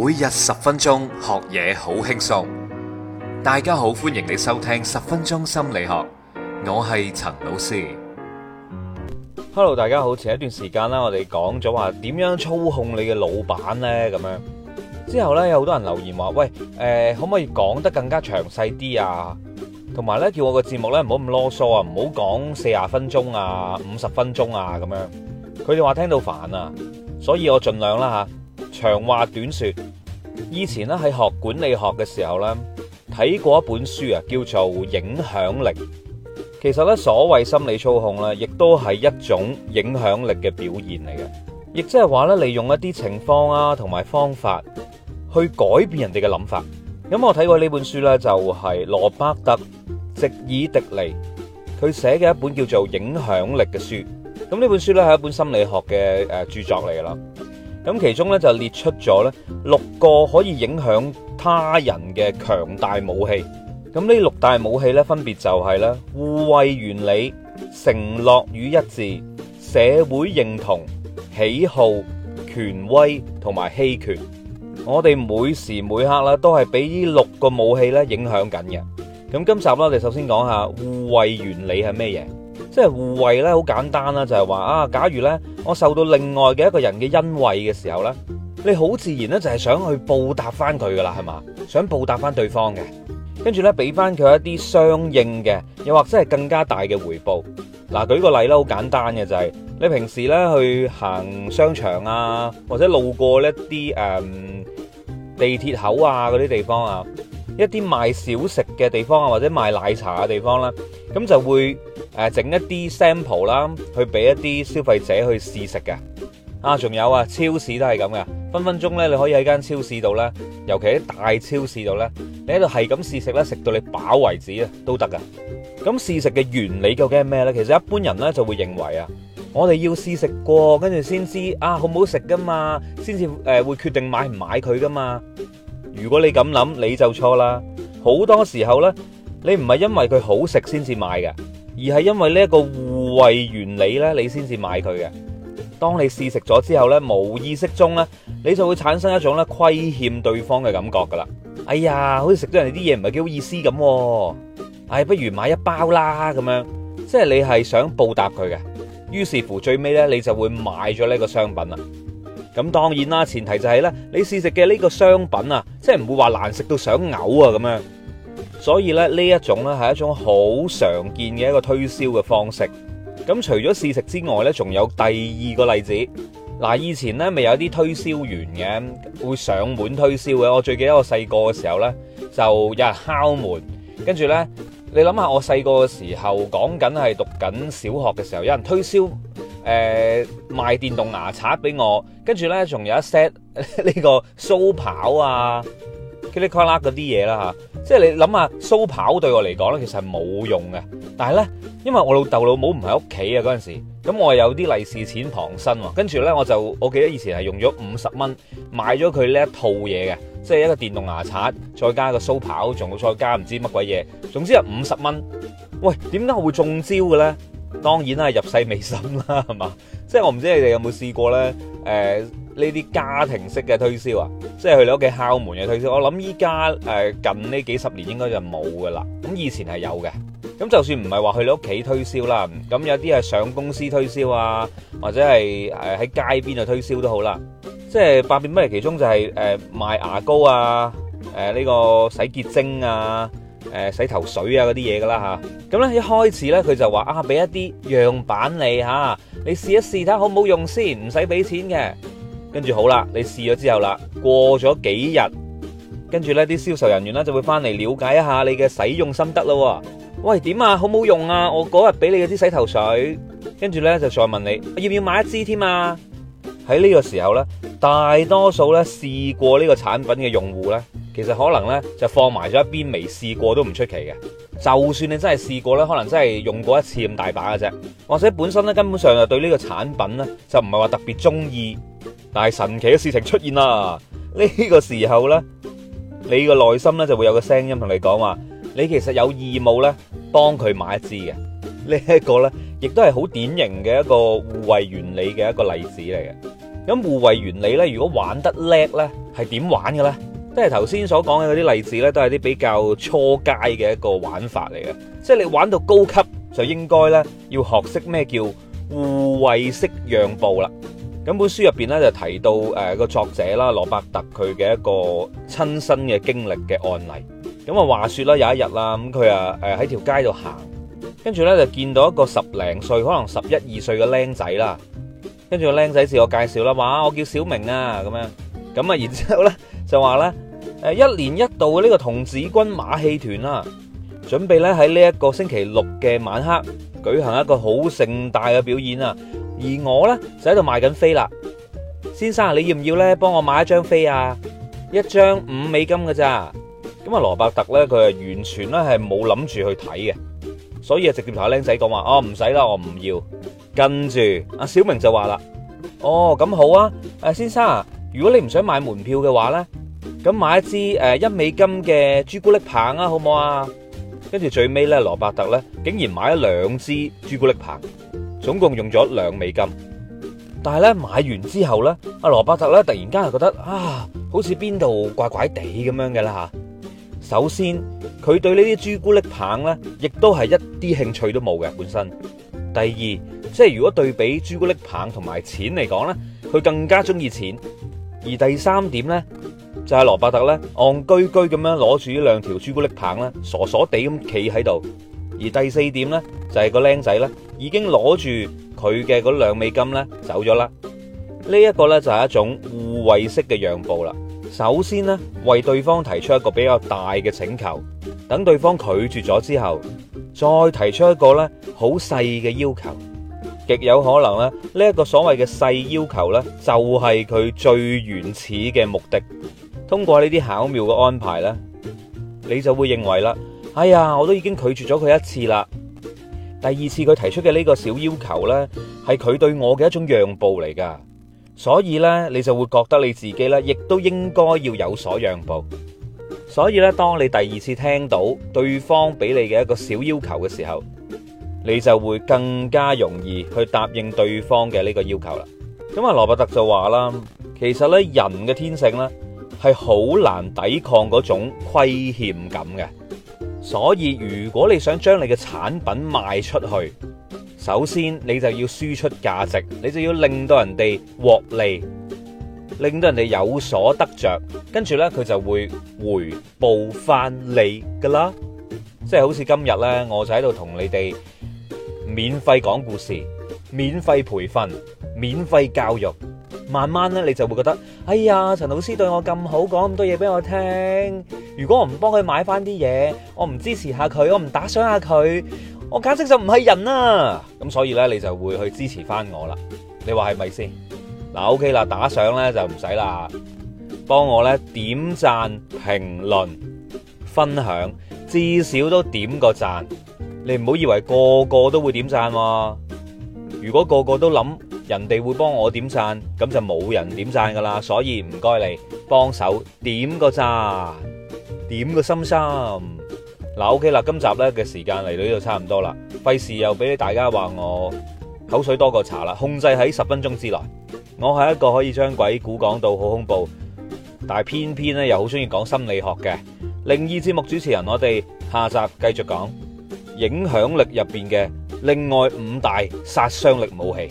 每日十分鐘學嘢好輕鬆，大家好，歡迎你收聽十分鐘心理學，我係陳老師。Hello，大家好，前一段時間啦，我哋講咗話點樣操控你嘅老闆呢。咁樣之後呢，有好多人留言話，喂，誒、呃，可唔可以講得更加詳細啲啊？同埋呢，叫我個節目呢唔好咁囉嗦啊，唔好講四十分鐘啊，五十分鐘啊，咁樣，佢哋話聽到煩啊，所以我盡量啦吓。長話短說，以前咧喺學管理學嘅時候咧，睇過一本書啊，叫做《影響力》。其實呢，所謂心理操控呢，亦都係一種影響力嘅表現嚟嘅，亦即係話呢，利用一啲情況啊，同埋方法去改變人哋嘅諗法。咁我睇過呢本書呢，就是，就係羅伯特·席爾迪尼佢寫嘅一本叫做《影響力》嘅書。咁呢本書呢，係一本心理學嘅誒著作嚟啦。咁其中咧就列出咗咧六個可以影響他人嘅強大武器。咁呢六大武器咧分別就係咧互惠原理、承諾與一致、社會認同、喜好、權威同埋稀缺。我哋每時每刻啦都係俾呢六個武器咧影響緊嘅。咁今集啦，我哋首先講下互惠原理係咩嘢。即係互惠咧，好簡單啦，就係話啊，假如呢，我受到另外嘅一個人嘅恩惠嘅時候呢，你好自然呢，就係想去報答翻佢噶啦，係嘛，想報答翻對方嘅，跟住呢，俾翻佢一啲相應嘅，又或者係更加大嘅回報。嗱，舉個例啦，好簡單嘅就係、是、你平時呢去行商場啊，或者路過一啲誒、嗯、地鐵口啊嗰啲地方啊。一啲賣小食嘅地方啊，或者賣奶茶嘅地方啦，咁就會誒整一啲 sample 啦，去俾一啲消費者去試食嘅。啊，仲有啊，超市都係咁嘅，分分鐘呢，你可以喺間超市度呢，尤其喺大超市度呢，你喺度係咁試食呢，食到你飽為止啊，都得噶。咁試食嘅原理究竟係咩呢？其實一般人呢就會認為試試啊，我哋要試食過，跟住先知啊好唔好食噶嘛，先至誒會決定買唔買佢噶嘛。如果你咁諗，你就錯啦。好多時候呢，你唔係因為佢好食先至買嘅，而係因為呢一個互惠原理呢，你先至買佢嘅。當你試食咗之後呢，無意識中呢，你就會產生一種咧虧欠對方嘅感覺噶啦。哎呀，好似食咗人哋啲嘢唔係幾好意思咁，哎，不如買一包啦咁樣，即係你係想報答佢嘅。於是乎，最尾呢，你就會買咗呢個商品啦。咁當然啦，前提就係呢，你試食嘅呢個商品啊，即係唔會話難食到想嘔啊咁樣。所以咧呢一種呢，係一種好常見嘅一個推銷嘅方式。咁除咗試食之外呢，仲有第二個例子。嗱，以前呢咪有啲推銷員嘅會上門推銷嘅。我最記得我細個嘅時候呢，就有人敲門，跟住呢，你諗下我細個嘅時候講緊係讀緊小學嘅時候，有人推銷。誒、呃，賣電動牙刷俾我，跟住咧仲有一 set 呢、這個蘇跑啊，嘰里呱啦嗰啲嘢啦吓，即係你諗下蘇跑對我嚟講咧，其實係冇用嘅。但係咧，因為我老豆老母唔喺屋企啊，嗰陣時，咁我有啲利是錢傍身，跟住咧我就我記得以前係用咗五十蚊買咗佢呢一套嘢嘅，即係一個電動牙刷，再加個蘇跑，仲再加唔知乜鬼嘢，總之係五十蚊。喂，點解我會中招嘅咧？當然啦，入世未深啦，係嘛？即係我唔知你哋有冇試過咧？誒呢啲家庭式嘅推銷啊，即係去你屋企敲門嘅推銷。我諗依家誒近呢幾十年應該就冇噶啦。咁以前係有嘅。咁就算唔係話去你屋企推銷啦，咁有啲係上公司推銷啊，或者係誒喺街邊度推銷都好啦。即係百變不離其中就係誒賣牙膏啊，誒呢個洗潔精啊。誒，洗頭水啊嗰啲嘢噶啦吓，咁咧一開始咧佢就話啊，俾一啲樣板你吓，你試一試睇下好唔好用先，唔使俾錢嘅。跟住好啦，你試咗之後啦，過咗幾日，跟住呢啲銷售人員呢就會翻嚟了解一下你嘅使用心得咯。喂，點啊？好唔好用啊？我嗰日俾你嗰支洗頭水，跟住呢就再問你要唔要買一支添啊？喺呢個時候呢，大多數呢試過呢個產品嘅用戶呢。其實可能咧就放埋咗一邊，未試過都唔出奇嘅。就算你真係試過咧，可能真係用過一次咁大把嘅啫，或者本身咧根本上就對呢個產品咧就唔係話特別中意。但係神奇嘅事情出現啦，呢個時候咧你個內心咧就會有個聲音同你講話，你其實有義務咧幫佢買一支嘅。呢一個咧亦都係好典型嘅一個互惠原理嘅一個例子嚟嘅。咁互惠原理咧，如果玩得叻咧，係點玩嘅咧？即係頭先所講嘅嗰啲例子咧，都係啲比較初階嘅一個玩法嚟嘅。即係你玩到高級，就應該咧要學識咩叫互惠式讓步啦。咁本書入邊咧就提到誒個、呃、作者啦，羅伯特佢嘅一個親身嘅經歷嘅案例。咁啊，話説啦，有一日啦，咁佢啊誒喺條街度行，跟住咧就見到一個十零歲，可能十一二歲嘅僆仔啦。跟住個僆仔自我介紹啦，話，我叫小明啊，咁樣。咁啊，然之後咧就話咧。誒，一年一度嘅呢個童子軍馬戲團啦，準備咧喺呢一個星期六嘅晚黑舉行一個好盛大嘅表演啊！而我咧就喺度賣緊飛啦，先生啊，你要唔要咧幫我買一張飛啊？一張五美金嘅咋？咁啊，羅伯特咧佢係完全咧係冇諗住去睇嘅，所以啊，直接同阿靚仔講話：哦，唔使啦，我唔要。跟住阿小明就話啦：哦，咁好啊，誒，先生啊，如果你唔想買門票嘅話咧。咁買一支誒一美金嘅朱古力棒啊，好唔好啊？跟住最尾咧，羅伯特咧竟然買咗兩支朱古力棒，總共用咗兩美金。但係咧，買完之後咧，阿羅伯特咧突然間係覺得啊，好似邊度怪怪地咁樣嘅啦吓。首先，佢對呢啲朱古力棒咧，亦都係一啲興趣都冇嘅本身。第二，即係如果對比朱古力棒同埋錢嚟講咧，佢更加中意錢。而第三點咧。就係、是、羅伯特咧，昂居居咁樣攞住呢兩條朱古力棒咧，傻傻地咁企喺度。而第四點咧，就係個僆仔咧已經攞住佢嘅嗰兩美金咧走咗啦。這個、呢一個咧就係、是、一種互惠式嘅讓步啦。首先咧，為對方提出一個比較大嘅請求，等對方拒絕咗之後，再提出一個咧好細嘅要求。極有可能咧，呢、這、一個所謂嘅細要求咧，就係、是、佢最原始嘅目的。通過呢啲巧妙嘅安排呢，你就會認為啦，哎呀，我都已經拒絕咗佢一次啦，第二次佢提出嘅呢個小要求呢，係佢對我嘅一種讓步嚟噶，所以呢，你就會覺得你自己呢，亦都應該要有所讓步。所以呢，當你第二次聽到對方俾你嘅一個小要求嘅時候，你就會更加容易去答應對方嘅呢個要求啦。咁啊，羅伯特就話啦，其實呢，人嘅天性呢。係好難抵抗嗰種虧欠感嘅，所以如果你想將你嘅產品賣出去，首先你就要輸出價值，你就要令到人哋獲利，令到人哋有所得着，跟住呢，佢就會回報翻你噶啦。即係好似今日呢，我就喺度同你哋免費講故事、免費培訓、免費教育。慢慢咧，你就會覺得，哎呀，陳老師對我咁好，講咁多嘢俾我聽。如果我唔幫佢買翻啲嘢，我唔支持下佢，我唔打上賞下佢，我簡直就唔係人啦。咁所以呢，你就會去支持翻我啦。你話係咪先？嗱，OK 啦，打上賞呢就唔使啦。幫我呢，點讚、評論、分享，至少都點個讚。你唔好以為個個都會點讚喎。如果個個都諗，人哋會幫我點贊，咁就冇人點贊噶啦，所以唔該你幫手點個贊，點個心心嗱。OK 啦，今集咧嘅時間嚟到呢度差唔多啦，費事又俾大家話我口水多過茶啦，控制喺十分鐘之內。我係一個可以將鬼故講到好恐怖，但係偏偏咧又好中意講心理學嘅靈異節目主持人。我哋下集繼續講影響力入邊嘅另外五大殺傷力武器。